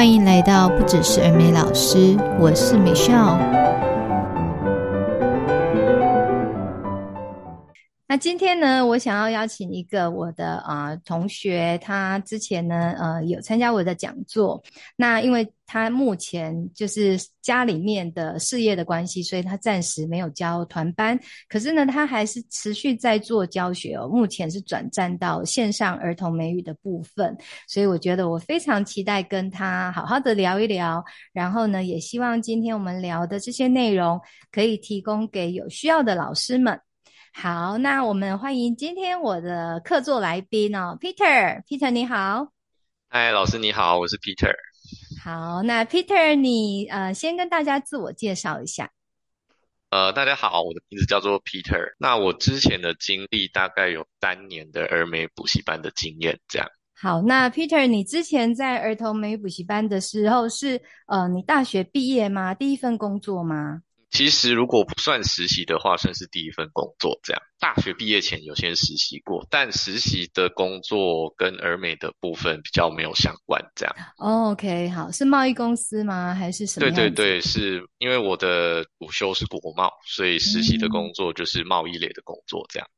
歡迎來到不只是兒美老師，我是 Michelle。那今天呢，我想要邀請一個我的啊、呃、同學，他之前呢，呃，有參加我的講座。那因為他目前就是家裡面的事業的關係，所以他暫時沒有教團班。可是呢，他還是持續在做教學，哦，目前是轉戰到線上兒童美語的部分。所以我覺得我非常期待跟他好好的聊一聊。然後呢，也希望今天我們聊的這些內容可以提供給有需要的老師們。好，那我們歡迎今天我的客座來賓哦，Peter，Peter Peter 你好。嗨，老師你好，我是 Peter。好，那 Peter 你呃先跟大家自我介紹一下。呃，大家好，我的名字叫做 Peter。那我之前的經歷大概有三年的兒美補習班的經驗，這樣。好，那 Peter 你之前在兒童美語補習班的時候是呃你大學畢業嗎？第一份工作嗎？其實如果不算實習的話，算是第一份工作。這樣，大學畢業前有先實習過，但實習的工作跟兒美的部分比較沒有相關。這樣，OK，好，是貿易公司嗎？還是什麼？對對對，是因為我的主修是國貿，所以實習的工作就是貿易類的工作。這樣，嗯、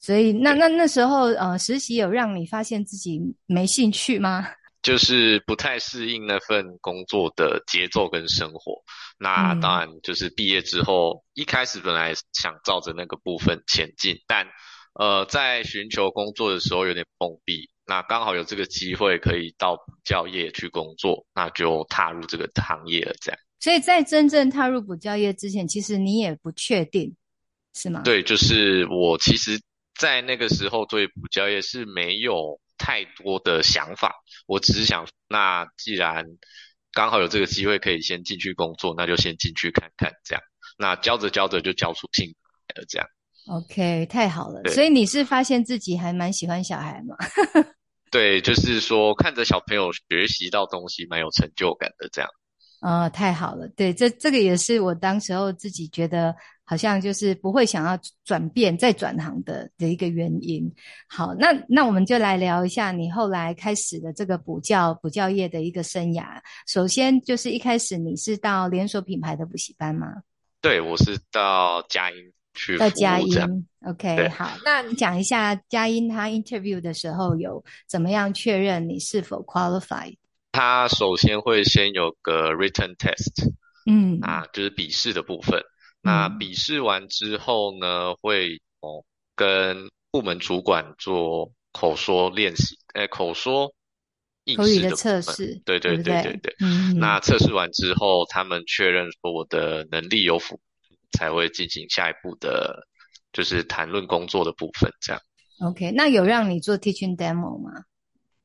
所以那那那，那時候，呃，實習有讓你發現自己沒興趣嗎？就是不太適應那份工作的節奏跟生活，那當然就是畢業之後、嗯、一開始本來想照着那個部分前進，但呃，在尋求工作的時候有點碰壁，那剛好有這個機會可以到補教業去工作，那就踏入這個行業了。這樣。所以在真正踏入補教業之前，其實你也不確定，是嗎？對，就是我其實在那個時候對補教業是沒有。太多的想法，我只是想，那既然剛好有這個機會，可以先進去工作，那就先進去看看，這樣，那教着教着就教出性格了，這樣。OK，太好了，所以你是發現自己還蠻喜歡小孩嗎？ 對，就是說看着小朋友學習到東西，蠻有成就感的，這樣。哦，太好了，對，這這個也是我當時候自己覺得。好像就是不會想要轉變再轉行的的一個原因。好，那那我們就來聊一下你後來開始的這個補教補教業的一個生涯。首先就是一開始你是到連鎖品牌的補習班嗎？對，我是到佳音去。到佳音，OK，好。那你講一下佳音他 interview 的時候有怎麼樣確認你是否 qualified？他首先會先有個 written test，嗯，啊，就是筆試的部分。那筆試完之後呢，嗯、會哦跟部門主管做口說練習，誒、哎、口說應試，口語的測試，對對對對對、嗯嗯。那測試完之後，他們確認說我的能力有否，才會進行下一步的，就是談論工作的部分，這樣。OK，那有讓你做 teaching demo 嗎？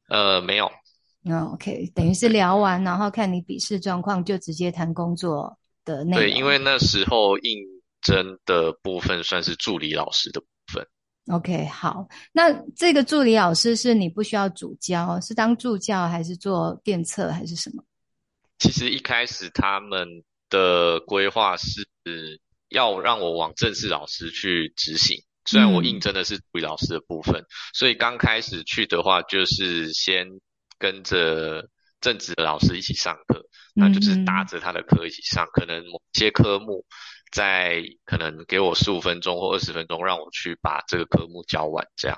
呃，沒有。OK，等於是聊完，嗯、然後看你筆試狀況，就直接談工作。的對，因為那時候應徵的部分算是助理老師的部分。OK，好，那這個助理老師是你不需要主教，是當助教還是做電測還是什麼？其實一開始他們的規劃是要讓我往正式老師去執行，雖然我應徵的是助理老師的部分、嗯，所以剛開始去的話就是先跟着正職的老師一起上課。那就是搭着他的課一起上，嗯，可能某些科目，在可能給我十五分鐘或二十分鐘，讓我去把這個科目教完。這樣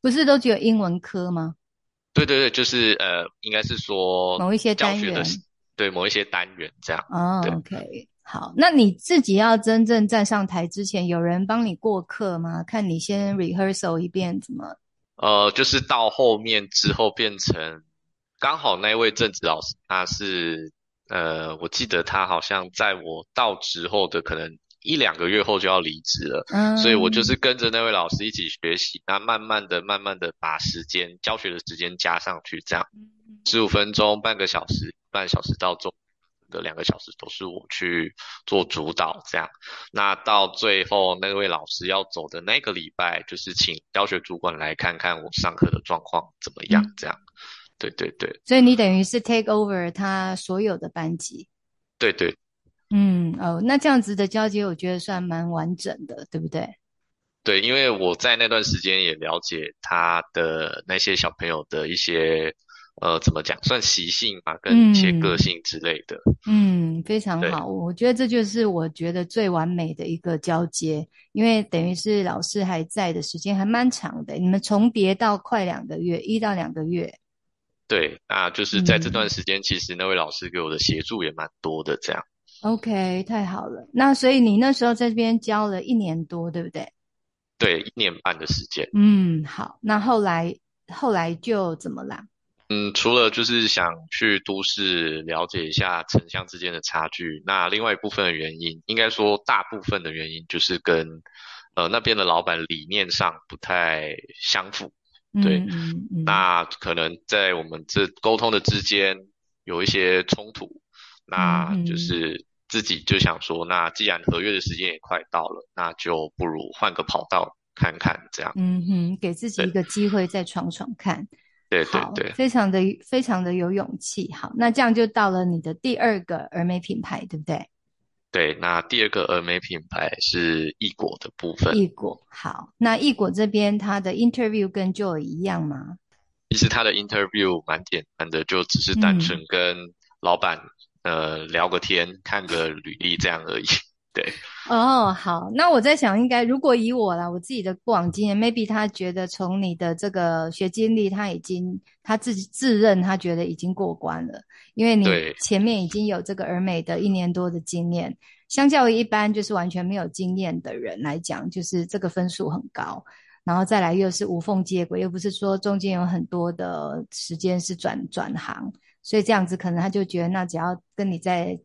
不是都只有英文科嗎？對對對，就是呃，應該是說某一些教學的對某一些單元這樣。哦，oh，OK，好，那你自己要真正站上台之前，有人幫你過課嗎？看你先 rehearsal 一遍怎麼？呃，就是到後面之後變成剛好那位正職老師他是。呃，我記得他好像在我到職後的可能一兩個月後就要離職了，嗯，所以我就是跟着那位老師一起學習，那慢慢的、慢慢的把時間教學的時間加上去，這樣十五分鐘、半個小時、半小時到中的兩個小時都是我去做主導，這樣。那到最後那位老師要走的那個禮拜，就是請教學主管來看看我上課的狀況怎麼樣，這樣。嗯對對對，所以你等於是 take over 他所有的班級，嗯、對對，嗯哦，那這樣子的交接，我覺得算蠻完整的，對不對？對，因為我在那段時間也了解他的那些小朋友的一些，呃，怎麼講，算習性啊，跟一些個性之類的。嗯，嗯，非常好，我覺得這就是我覺得最完美的一個交接，因為等於是老師還在的時間還蠻長的，你們重疊到快兩個月，一到兩個月。對，那就是在這段時間，嗯，其實那位老師給我的協助也蠻多的，這樣。OK，太好了。那所以你那時候在這邊教了一年多，對不對？對，一年半的時間。嗯，好。那後來，後來就怎麼啦？嗯，除了就是想去都市了解一下城鄉之間的差距，那另外一部分的原因，應該說大部分的原因就是跟呃那邊的老板理念上不太相符。對。嗯嗯嗯，那可能在我們這溝通的之間有一些衝突嗯嗯，那就是自己就想說，那既然合約的時間也快到了，那就不如換個跑道看看，這樣。嗯哼，給自己一個機會再闖闖看。對對，對對，非常的非常的有勇氣。好，那這樣就到了你的第二個兒美品牌，對不對？對，那第二個兒美品牌是異果的部分。異果，好，那異果這邊他的 interview 跟 Joe 一樣嗎？其實他的 interview 蠻簡單的，就只是單純跟老板、嗯、呃聊個天，看個履歷這樣而已。 對，哦，oh，好，那我在想，應該如果以我啦，我自己的過往經驗，maybe 他覺得從你的這個學經歷，他已經他自己自認他覺得已經過關了，因為你前面已經有這個兒美的一年多的經驗，相較於一般就是完全沒有經驗的人來講，就是這個分數很高，然後再來又是無縫接軌，又不是說中間有很多的時間是轉轉行，所以這樣子可能他就覺得，那只要跟你在。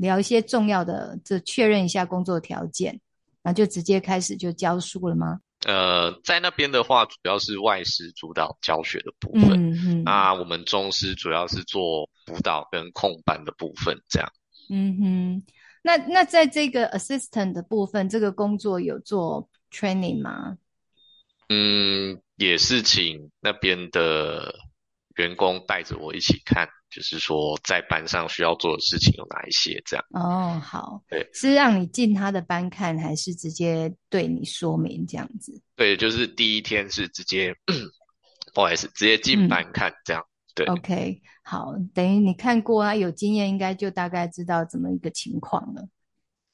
聊一些重要的，就確認一下工作條件，那就直接開始就教書了嗎？呃，在那邊的話，主要是外師主導教學的部分，啊、嗯，那我們中師主要是做輔導跟控班的部分，這樣。嗯哼，那那在這個 assistant 的部分，這個工作有做 training 嗎？嗯，也是請那邊的。員工帶着我一起看，就是說在班上需要做的事情有哪一些，這樣哦，oh, 好，對，是讓你進他的班看，還是直接對你說明這樣子？對，就是第一天是直接， 不好意思，直接進班看，嗯、這樣，對，OK，好，等於你看過啊，他有經驗應該就大概知道怎麼一個情況了，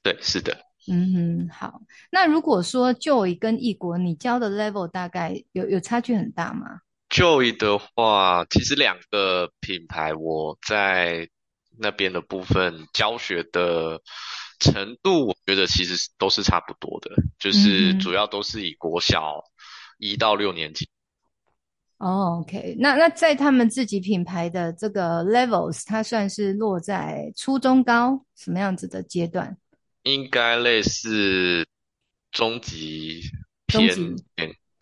對，是的，嗯哼，好，那如果說就一跟異國你教的 level 大概有有差距很大嗎？Joy 的話，其實兩個品牌我在那邊的部分教學的程度，我覺得其實都是差不多的，就是主要都是以國小一到六年級。Mm-hmm. Oh, OK，那那在他們自己品牌的這個 Levels，它算是落在初中高什麼樣子的階段？應該類似中級偏。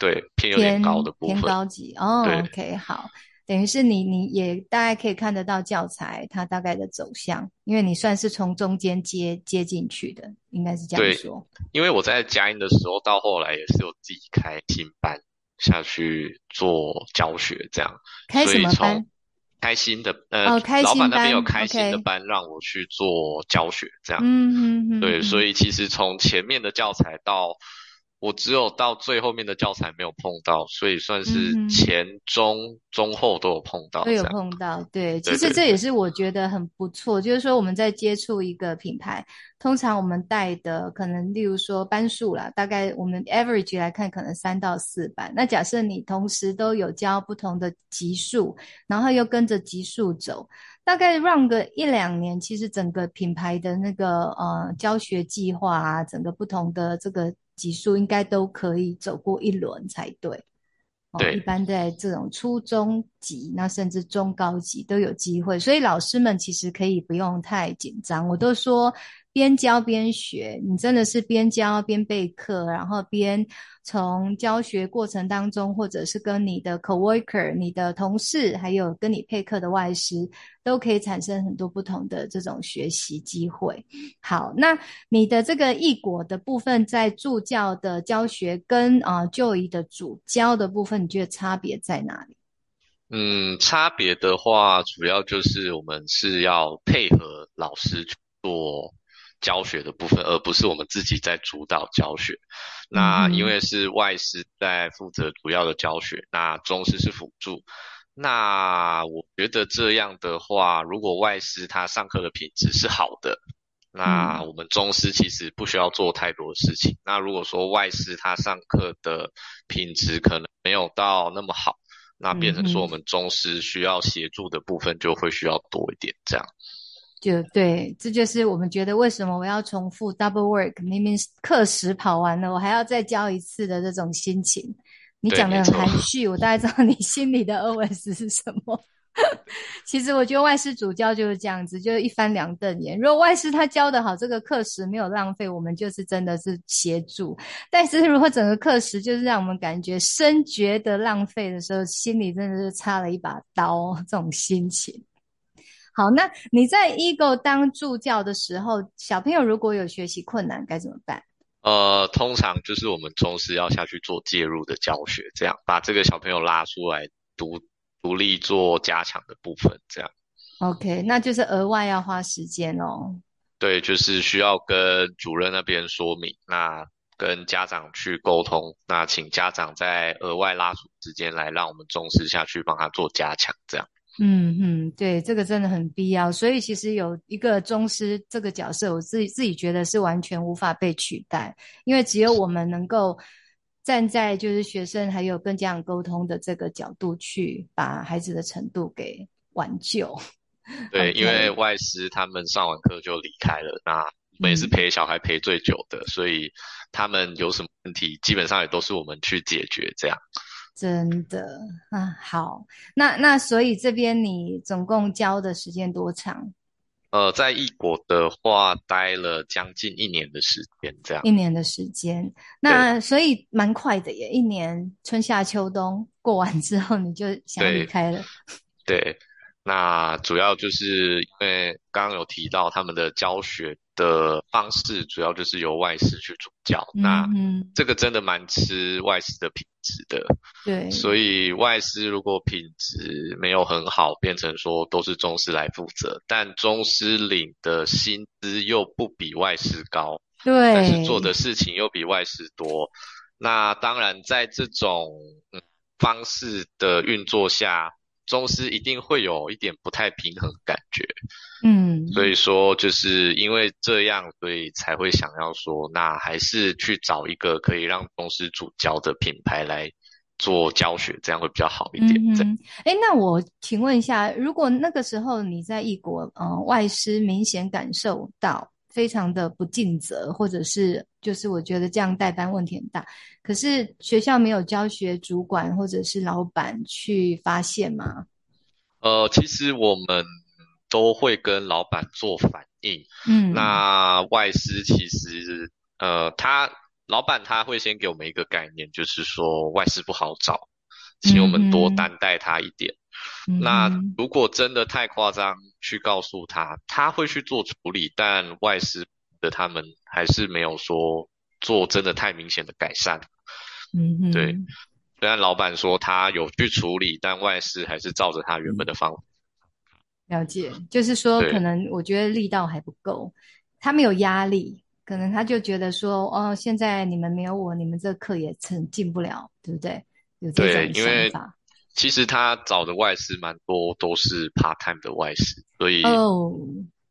對，偏有點高的部分，偏，偏高級哦、oh。OK，好，等於是你你也大概可以看得到教材它大概的走向，因為你算是從中間接接進去的，應該是這樣說。對，因為我在佳音的時候，到後來也是有自己開新班下去做教學，這樣。開什麼班？開心的，呃、oh, 班，老板那邊有開心的班、okay. 讓我去做教學，這樣。嗯嗯嗯。對，所以其實從前面的教材到。我只有到最後面的教材沒有碰到，所以算是前中、嗯、中後都有碰到，都有碰到對對對對。對，其實這也是我覺得很不錯。就是說我們在接觸一個品牌，通常我們帶的可能，例如說班數啦，大概我們 average 來看，可能三到四班。那假設你同時都有教不同的級數，然後又跟着級數走，大概 run 個一兩年，其實整個品牌的那個呃教學計劃啊，整個不同的這個。級數應該都可以走過一輪才對。對，哦、一般在這種初中級，那甚至中高級都有機會，所以老師們其實可以不用太緊張。我都說。邊教邊學，你真的是邊教邊備課，然後邊從教學過程當中，或者是跟你的 coworker、你的同事，還有跟你配課的外師，都可以產生很多不同的這種學習機會。好，那你的這個異國的部分，在助教的教學跟啊、呃、就醫的主教的部分，你覺得差別在哪裡？嗯，差別的話，主要就是我們是要配合老師去做。教學的部分，而不是我們自己在主導教學。那因為是外師在負責主要的教學，那中師是輔助。那我覺得這樣的話，如果外師他上課的品質是好的，那我們中師其實不需要做太多的事情。那如果說外師他上課的品質可能沒有到那麼好，那變成說我們中師需要協助的部分就會需要多一點這樣。就對，這就是我們覺得為什麼我要重複 double work，明明課時跑完了，我還要再教一次的這種心情。你講得很含蓄，我大概知道你心裡的 OS 是什麼。 其實我覺得外師主教就是這樣子，就是一翻兩瞪眼。如果外師他教得好，這個課時沒有浪費，我們就是真的是協助；但是如果整個課時就是讓我們感覺深覺得浪費的時候，心裡真的是插了一把刀，這種心情。好，那你在 Ego 當助教的時候，小朋友如果有學習困難，該怎麼辦？呃，通常就是我們中師要下去做介入的教學，這樣把這個小朋友拉出來獨獨立做加強的部分，這樣。OK，那就是額外要花時間哦。對，就是需要跟主任那邊說明，那跟家長去溝通，那請家長再額外拉出時間來，讓我們中師下去幫他做加強，這樣。嗯嗯，對，這個真的很必要。所以其實有一個中師這個角色，我自己自己覺得是完全無法被取代，因為只有我們能夠站在就是學生還有跟家長溝通的這個角度去把孩子的程度給挽救。對，okay，因為外師他們上完課就離開了，那我們也是陪小孩陪最久的，嗯、所以他們有什麼問題，基本上也都是我們去解決這樣。真的啊！那好，那那所以這邊你總共教的時間多長？呃，在異國的話，待了將近一年的時間，這樣。一年的時間，那所以蠻快的耶，一年春夏秋冬過完之後，你就想離開了。對。對那主要就是因為剛剛有提到他們的教學的方式，主要就是由外師去主教。嗯。那這個真的蠻吃外師的品質的。對，所以外師如果品質沒有很好，變成說都是中師來負責，但中師領的薪資又不比外師高，對，但是做的事情又比外師多。那當然在這種嗯方式的運作下。中師一定會有一點不太平衡感覺，嗯，所以說就是因為這樣，所以才會想要說，那還是去找一個可以讓中師主教的品牌來做教學，這樣會比較好一點。哎、嗯，那我請問一下，如果那個時候你在異國，嗯、呃，外師明顯感受到。非常的不盡責，或者是就是我覺得這樣代班問題很大。可是學校沒有教學主管或者是老闆去發現嗎？呃，其實我們都會跟老闆做反映。嗯，那外師其實呃，他老闆他會先給我們一個概念，就是說外師不好找，請我們多擔待他一點。嗯那如果真的太誇張、嗯，去告訴他，他會去做處理，但外師的他們還是沒有說做真的太明顯的改善。嗯，對。雖然老板說他有去處理，但外師還是照着他原本的方法。法了解，就是說可能我覺得力道還不夠，他沒有壓力，可能他就覺得說，哦，現在你們沒有我，你們這個課也成進不了，對不對？有這種想法。對，因為其實他找的外師蠻多，都是 part time 的外師，所以，oh,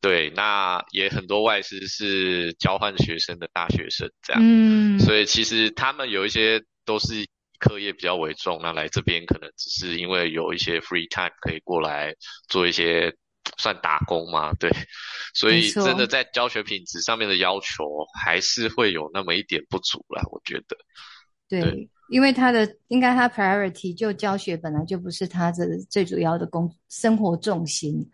對，那也很多外師是交換學生的大學生這樣，嗯、mm, 所以其實他們有一些都是課業比較為重，那來這邊可能只是因為有一些 free time 可以過來做一些算打工嘛，對，所以真的在教學品質上面的要求還是會有那麼一點不足啦，我覺得，對。對因為他的應該他 priority 就教學本來就不是他的最主要的工生活重心。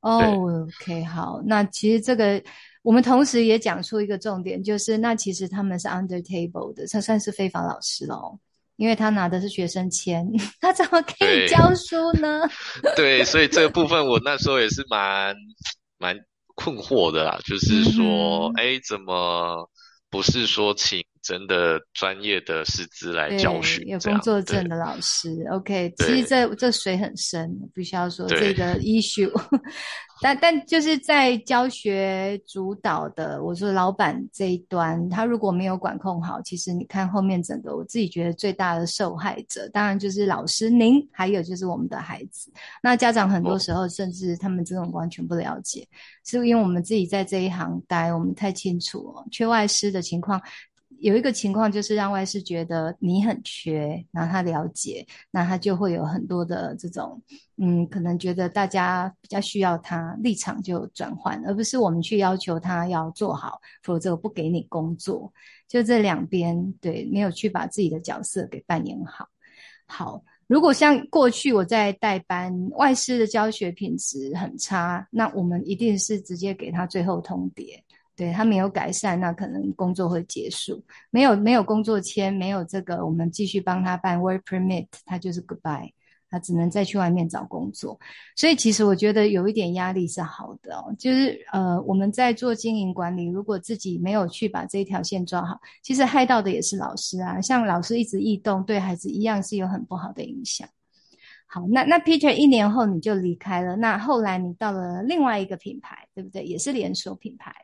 Oh, OK，好，那其實這個我們同時也講出一個重點，就是那其實他們是 under table 的，他算是非法老師咯，哦，因為他拿的是學生簽，他怎麼可以教書呢？對，對，所以這個部分我那時候也是蠻蠻困惑的啦，就是說，哎、嗯，怎麼不是說請真的專業的師資來教學，有工作證的老師。OK，其實這這水很深，不需要說這個 issue。 但但就是在教學主導的，我說老闆這一端，他如果沒有管控好，其實你看後面整個，我自己覺得最大的受害者，當然就是老師您，還有就是我們的孩子。那家長很多時候甚至他們這種完全不了解，是因為我們自己在這一行待，我們太清楚，哦、缺外師的情況。有一個情況就是讓外師覺得你很缺，然後他了解，那他就會有很多的這種，嗯，可能覺得大家比較需要他，立場就轉換，而不是我們去要求他要做好，否則我不給你工作。就這兩邊對，沒有去把自己的角色給扮演好。好，如果像過去我在代班，外師的教學品質很差，那我們一定是直接給他最後通牒。對，他沒有改善，那可能工作會結束。沒有沒有工作簽，沒有這個，我們繼續幫他辦 work permit，他就是 goodbye，他只能再去外面找工作。所以其實我覺得有一點壓力是好的哦，就是呃我們在做經營管理，如果自己沒有去把這一條線抓好，其實害到的也是老師啊。像老師一直異動，對孩子一樣是有很不好的影響。好，那那 Peter 一年後你就離開了，那後來你到了另外一個品牌，對不對？也是連鎖品牌。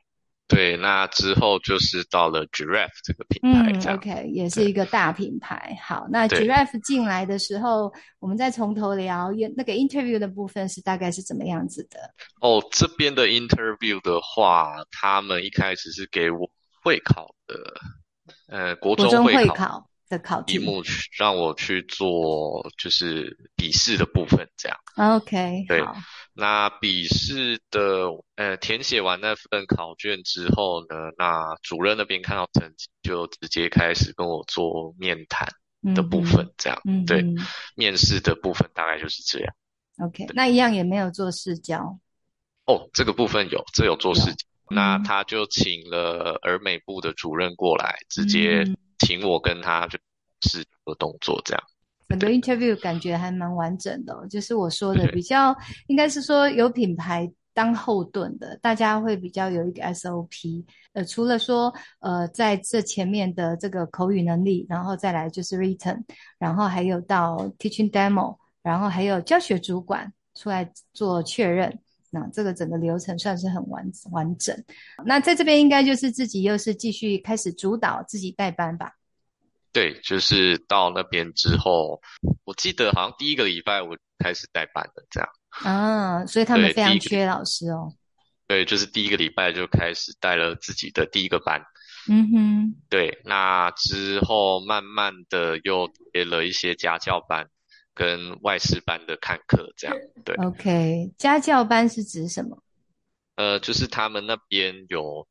對，那之後就是到了 Giraffe 這個品牌，嗯，OK，也是一個大品牌。好，那 Giraffe 進來的時候，我們再從頭聊，那個 Interview 的部分是大概是怎麼樣子的？哦，這邊的 Interview 的話，他們一開始是給我會考的，呃，國中會考，中會考的考題，讓我去做就是筆試的部分，這樣。OK，對。那筆試的呃，填寫完那份考卷之後呢，那主任那邊看到成績，就直接開始跟我做面談的部分，這樣，嗯嗯對，嗯嗯面試的部分大概就是這樣。OK，那一樣也沒有做試教哦，這個部分有，這個、有做試教、嗯。那他就請了兒美部的主任過來，嗯嗯直接請我跟他就試教的動作這樣。很多 interview 感覺還蠻完整的哦，就是我說的比較，應該是說有品牌當後盾的，大家會比較有一個 SOP。呃，除了說，呃，在這前面的這個口語能力，然後再來就是 written，然後還有到 teaching demo，然後還有教學主管出來做確認。那這個整個流程算是很完完整。那在這邊應該就是自己又是繼續開始主導自己帶班吧。對，就是到那邊之後，我記得好像第一個禮拜我開始帶班了，這樣。啊，所以他們非常缺老師哦？對。對，就是第一個禮拜就開始帶了自己的第一個班。嗯哼。對，那之後慢慢的又接了一些家教班跟外事班的看課，這樣。對。O.K. 家教班是指什麼？呃，就是他們那邊有。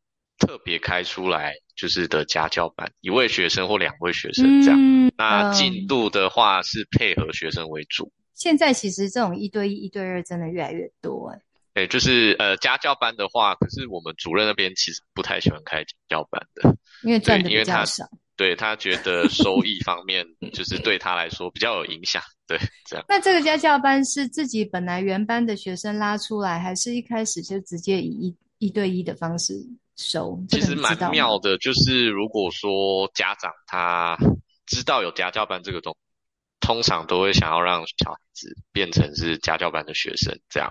特別開出來就是的家教班，一位學生或兩位學生這樣。嗯、那進度的話是配合學生為主，嗯。現在其實這種一對一、一對二真的越來越多哎。哎，就是呃家教班的話，可是我們主任那邊其實不太喜歡開家教班的，因為賺的比較少。對，因為他，對他覺得收益方面， 就是對他來說比較有影響。對，這樣。那這個家教班是自己本來原班的學生拉出來，還是一開始就直接以一一對一的方式？其實蠻妙的，就是如果說家長他知道有家教班這個東西，通常都會想要讓小孩子變成是家教班的學生，這樣。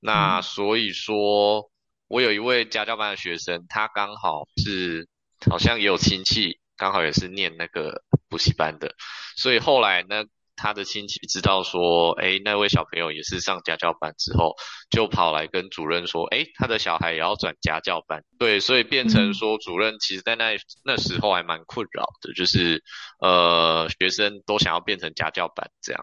那所以說，我有一位家教班的學生，他剛好是、嗯、好像也有親戚，剛好也是念那個補習班的，所以後來呢。他的親戚知道說，哎，那位小朋友也是上家教班之後，就跑來跟主任說，哎，他的小孩也要轉家教班。對，所以變成說，主任其實在那、嗯、那時候還蠻困擾的，就是，呃，學生都想要變成家教班這樣。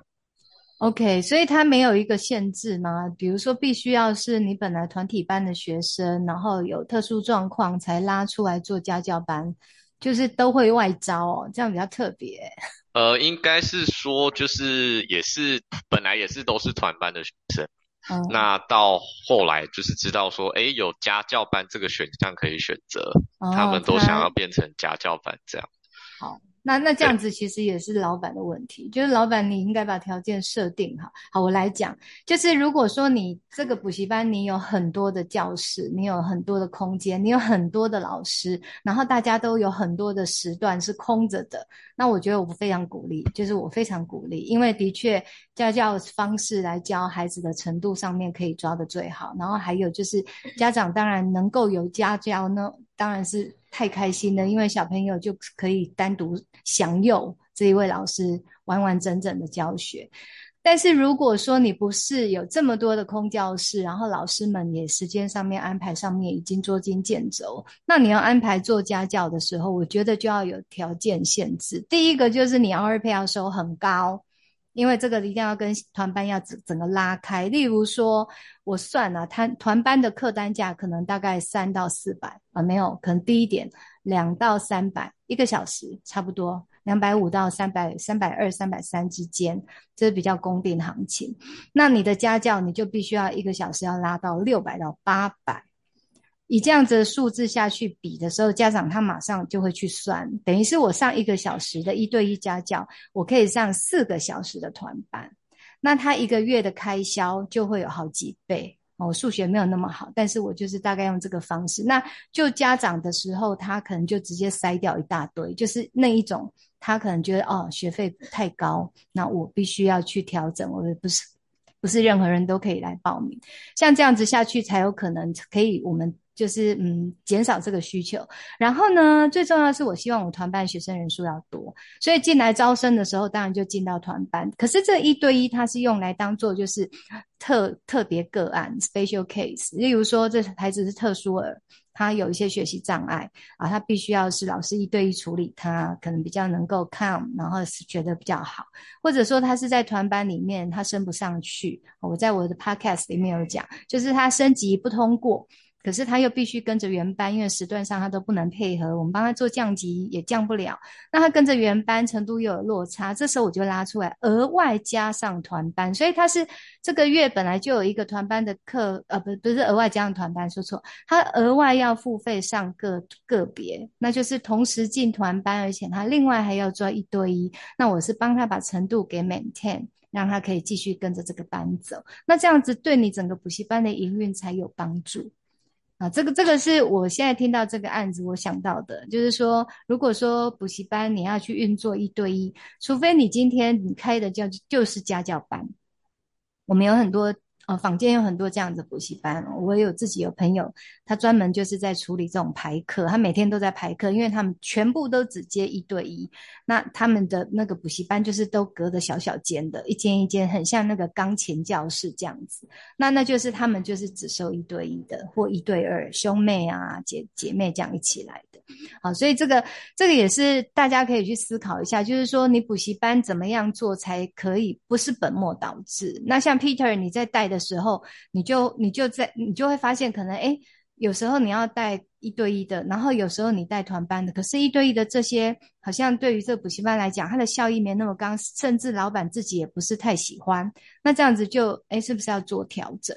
OK，所以他沒有一個限制嗎？比如說，必須要是你本來團體班的學生，然後有特殊狀況才拉出來做家教班？就是都會外招哦，這樣比較特別欸。呃，應該是說，就是也是本來也是都是團班的學生。哦，那到後來就是知道說，哎，有家教班這個選項可以選擇。哦，他，他們都想要變成家教班這樣。好。那那這樣子其實也是老闆的問題，就是老闆你應該把條件設定好。好，我來講，就是如果說你這個補習班你有很多的教室，你有很多的空間，你有很多的老師，然後大家都有很多的時段是空着的，那我覺得我非常鼓勵，就是我非常鼓勵，因為的確家教方式來教孩子的程度上面可以抓得最好，然後還有就是家長當然能夠有家教呢？當然是太開心了，因為小朋友就可以單獨享有這一位老師完完整整的教學。但是如果說你不是有這麼多的空教室，然後老師們也時間上面安排上面已經捉襟見肘，那你要安排做家教的時候，我覺得就要有條件限制。第一個就是你 hourly pay 的時候很高。因為這個一定要跟團班要整整個拉開，例如說我算了，他團班的客單價可能大概三到四百啊，沒有，可能低一點，兩到三百一個小時，差不多兩百五到三百，三百二、三百三之間，這是比較公定的行情。那你的家教你就必須要一個小時要拉到六百到八百。以這樣子的數字下去比的時候，家長他馬上就會去算，等於是我上一個小時的一對一家教，我可以上四個小時的團班，那他一個月的開銷就會有好幾倍。我數學沒有那麼好，但是我就是大概用這個方式，那就家長的時候，他可能就直接篩掉一大堆，就是那一種，他可能覺得哦學費太高，那我必須要去調整，我不是不是任何人都可以來報名，像這樣子下去才有可能可以我們。就是嗯，減少這個需求。然後呢，最重要的是我希望我團班學生人數要多，所以進來招生的時候，當然就進到團班。可是這一對一它是用來當做就是特特別個案 （special case），例如說這孩子是特殊兒，他有一些學習障礙啊，他必須要是老師一對一處理他，可能比較能夠看，然後是覺得比較好。或者說他是在團班裡面他升不上去，我在我的 podcast 裡面有講，就是他升級不通過。可是他又必須跟着原班，因為時段上他都不能配合，我們幫他做降級也降不了。那他跟着原班，程度又有落差，這時候我就拉出來，額外加上團班，所以他是這個月本來就有一個團班的課，呃，不，不是額外加上團班，說錯，他額外要付費上個個別，那就是同時進團班，而且他另外還要做一對一。那我是幫他把程度給 maintain，讓他可以繼續跟着這個班走。那這樣子對你整個補習班的營運才有幫助。啊，這個這個是我現在聽到這個案子，我想到的，就是說，如果說補習班你要去運作一對一，除非你今天你開的教，就是家教班，我們有很多。哦，坊間有很多這樣子的補習班，我有自己有朋友，他專門就是在處理這種排課，他每天都在排課，因為他們全部都只接一對一。那他們的那個補習班就是都隔着小小間的一間一間，很像那個鋼琴教室這樣子。那那就是他們就是只收一對一的或一對二，兄妹啊、姐姐妹這樣一起來的。好、哦，所以這個這個也是大家可以去思考一下，就是說你補習班怎麼樣做才可以不是本末倒置。那像 Peter 你在帶的。的時候，你就你就在你就會發現，可能，哎，有時候你要帶一對一的，然後有時候你帶團班的。可是，一對一的這些好像對於這個補習班來講，它的效益沒那麼高，甚至老闆自己也不是太喜歡。那這樣子就哎，是不是要做調整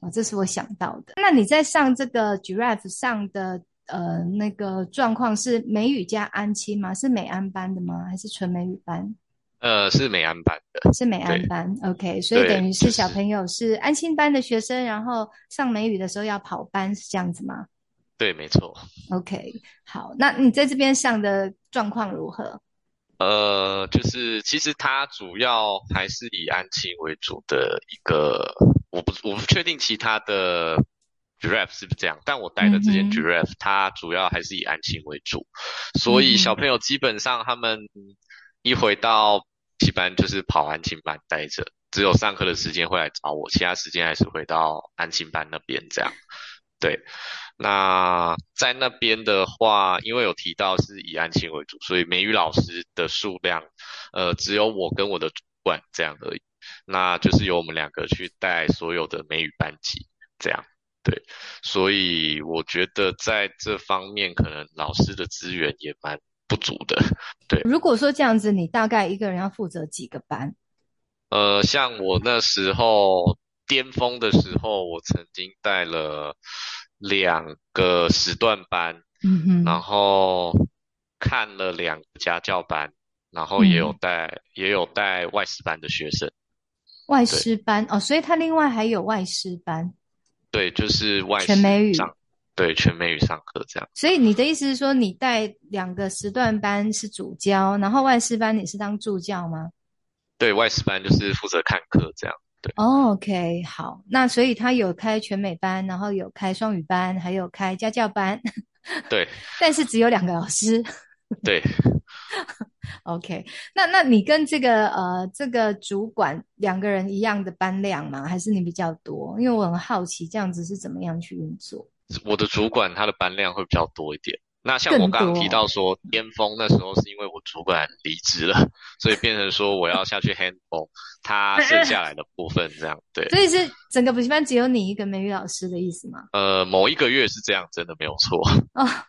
啊？哦，這是我想到的。那你在上這個 Giraffe 上的呃那個狀況是美語加安親嗎？是美安班的嗎？還是純美語班？呃，是美安班的，是美安班。OK，所以等於是小朋友是安親班的學生，就是，然後上美語的時候要跑班，是這樣子嗎？對，沒錯。OK，好，那你在這邊上的狀況如何？呃，就是其實他主要還是以安親為主的一個，我不我不確定其他的 giraffe 是不是這樣，但我帶的這間 giraffe、嗯、它主要還是以安親為主，所以小朋友基本上他們一回到。七班就是跑安親班待着，只有上課的時間會來找我，其他時間還是回到安親班那邊這樣。對，那在那邊的話，因為有提到是以安親為主，所以美語老師的數量，呃，只有我跟我的主管這樣而已。那就是由我們兩個去帶所有的美語班級這樣。對，所以我覺得在這方面可能老師的資源也蠻。不足的，對。如果說這樣子，你大概一個人要負責幾個班？呃，像我那時候巔峰的時候，我曾經帶了兩個時段班，嗯哼，然後看了兩個家教班，然後也有帶、嗯、也有帶外師班的學生。外師班哦，所以他另外還有外師班。對，就是外師。全美語對，全美語上課這樣，所以你的意思是說，你帶兩個時段班是主教，然後外師班你是當助教嗎？對，外師班就是負責看課這樣。對，oh，OK，好，那所以他有開全美班，然後有開雙語班，還有開家教班。 對，但是只有兩個老師。 對，OK，那那你跟這個呃這個主管兩個人一樣的班量嗎？還是你比較多？因為我很好奇這樣子是怎麼樣去運作。我的主管他的班量會比較多一點。那像我剛剛提到說、哦，巔峰那時候是因為我主管離職了，所以變成說我要下去 handle 他剩下來的部分，這樣，對。所以是整個補習班只有你一個美語老師的意思嗎？呃，某一個月是這樣，真的沒有錯啊、哦。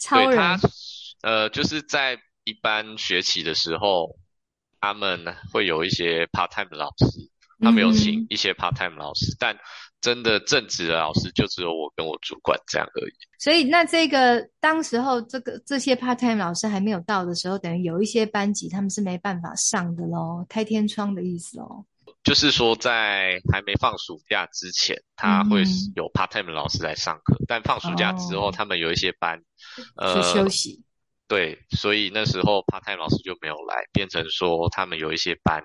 超人。對，他，呃，就是在一般學期的時候，他們會有一些 part time 老師，他們有請一些 part time 老師，嗯、但。真的正職的老師就只有我跟我主管這樣而已。所以那這個當時候，這個這些 part time 老師還沒有到的時候，等於有一些班級他們是沒辦法上的咯，開天窗的意思哦？就是說在還沒放暑假之前，他會有 part time 老師來上課，嗯，但放暑假之後，哦，他們有一些班，呃，休息，呃。對，所以那時候 part time 老師就沒有來，變成說他們有一些班。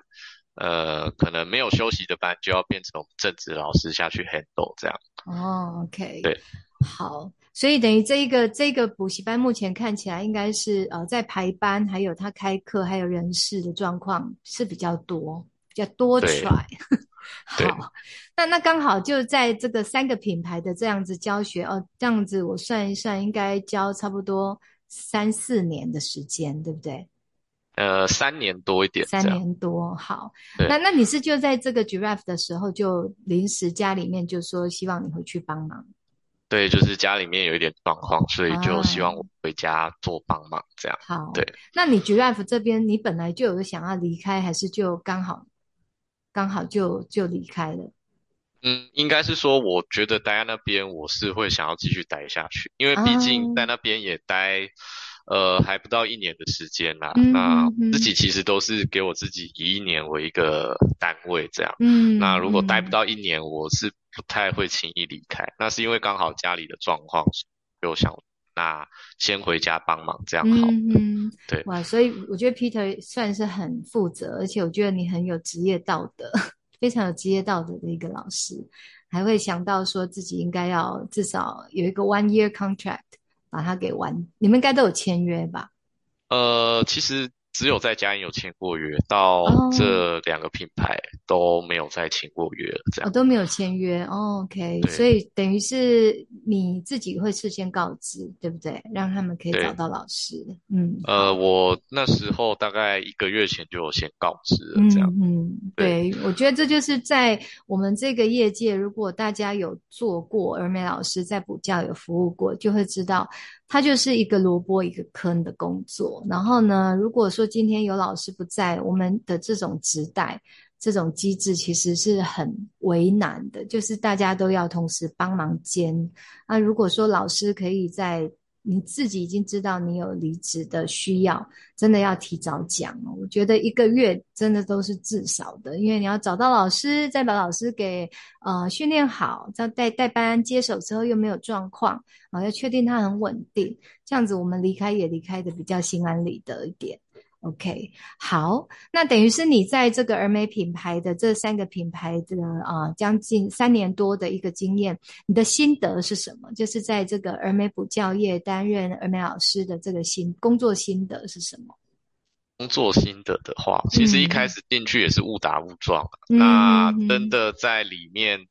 呃，可能沒有休息的班就要變成正職老師下去 handle 這樣。哦、oh,，OK，對，好，所以等於這一個這個補習班目前看起來應該是呃在排班，還有他開課，還有人事的狀況是比較多比較多舛。對 好，對那那剛好就在這個三個品牌的這樣子教學哦、呃，這樣子我算一算，應該教差不多三四年的時間，對不對？呃，三年多一點，三年多。好，那那你是就在這個 Giraffe 的時候就臨時家裡面就說希望你回去幫忙。對，就是家裡面有一點狀況，所以就希望我回家做幫忙這樣。啊、好，對。那你 Giraffe 這邊，你本來就有想要離開，還是就剛好剛好就就離開了？嗯，應該是說，我覺得待在那邊，我是會想要繼續待下去，因為畢竟在那邊也待。啊呃，還不到一年的時間啦、啊嗯。那自己其實都是給我自己以一年為一個單位這樣。嗯，那如果待不到一年，我是不太會輕易離開、嗯。那是因為剛好家裡的狀況，所以我想那先回家幫忙，這樣好。嗯，對。哇，所以我覺得 Peter 算是很負責，而且我覺得你很有職業道德，非常有職業道德的一個老師，還會想到說自己應該要至少有一個 one year contract。把它給完，你們應該都有簽約吧？呃，其實。只有在佳音有簽過約，到這兩個品牌都沒有再簽過約，這樣我、哦哦、都沒有簽約、哦，OK，所以等於是你自己會事先告知，對不對？讓他們可以找到老師，嗯。呃，我那時候大概一個月前就有先告知了，嗯、這樣。嗯，嗯對，對，我覺得這就是在我們這個業界，如果大家有做過兒美老師在補教有服務過，就會知道。它就是一個蘿蔔一個坑的工作，然後呢，如果說今天有老師不在，我們的這種指代這種機制其實是很為難的，就是大家都要同時幫忙兼。那、啊、如果說老師可以在。你自己已經知道你有離職的需要，真的要提早講。我覺得一個月真的都是至少的，因為你要找到老師，再把老師給呃訓練好，再帶帶班接手之後又沒有狀況啊、呃，要確定他很穩定，這樣子我們離開也離開的比較心安理得一點。OK，好，那等於是你在這個兒美品牌的這三個品牌的啊、呃，將近三年多的一個經驗，你的心得是什麼？就是在這個兒美補教業擔任兒美老師的這個心，工作心得是什麼？工作心得的話，其實一開始進去也是誤打誤撞，嗯、那真的在裡面，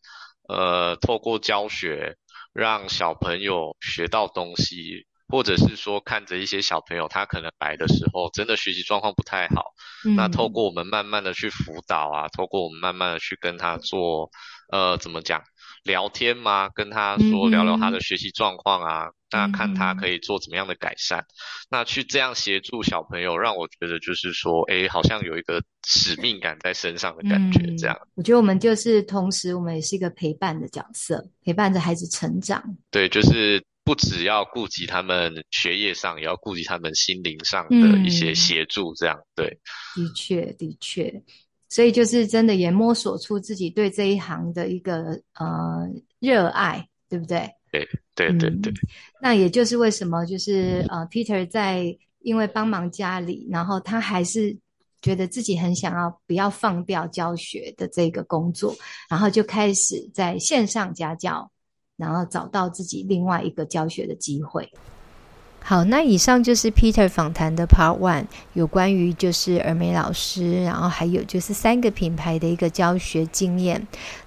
呃，透過教學讓小朋友學到東西。或者是說看着一些小朋友，他可能來的時候真的學習狀況不太好、嗯，那透過我們慢慢的去輔導啊，透過我們慢慢的去跟他做，呃，怎麼講，聊天嘛，跟他說聊聊他的學習狀況啊，嗯、那看他可以做怎麼樣的改善，嗯、那去這樣協助小朋友，讓我覺得就是說，哎，好像有一個使命感在身上的感覺。這樣、嗯，我覺得我們就是同時，我們也是一個陪伴的角色，陪伴着孩子成長。對，就是。不只要顧及他們學業上，也要顧及他們心靈上的一些協助，這樣、嗯、對。的確，的確，所以就是真的也摸索出自己對這一行的一個呃熱愛，對不對？對，對，對，對，對、嗯。那也就是為什麼就是、嗯、呃，Peter 在因為幫忙家裡，然後他還是覺得自己很想要不要放掉教學的這個工作，然後就開始在線上家教。然後找到自己另外一個教學的機會。好，那以上就是 Peter 訪談的 Part One，有關於就是兒美老師，然後還有就是三個品牌的一個教學經驗。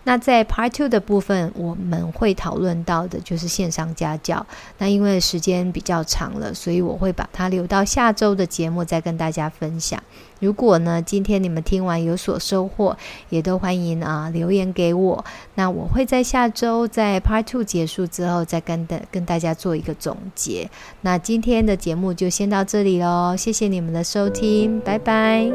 那在 Part Two 的部分，我們會討論到的就是線上家教。那因為時間比較長了，所以我會把它留到下週的節目再跟大家分享。如果呢，今天你們聽完有所收穫，也都歡迎啊，留言給我。那我會在下周在 Part Two 結束之後再跟大跟大家做一個總結。那今天的節目就先到這裡嘍，謝謝你們的收聽，拜拜。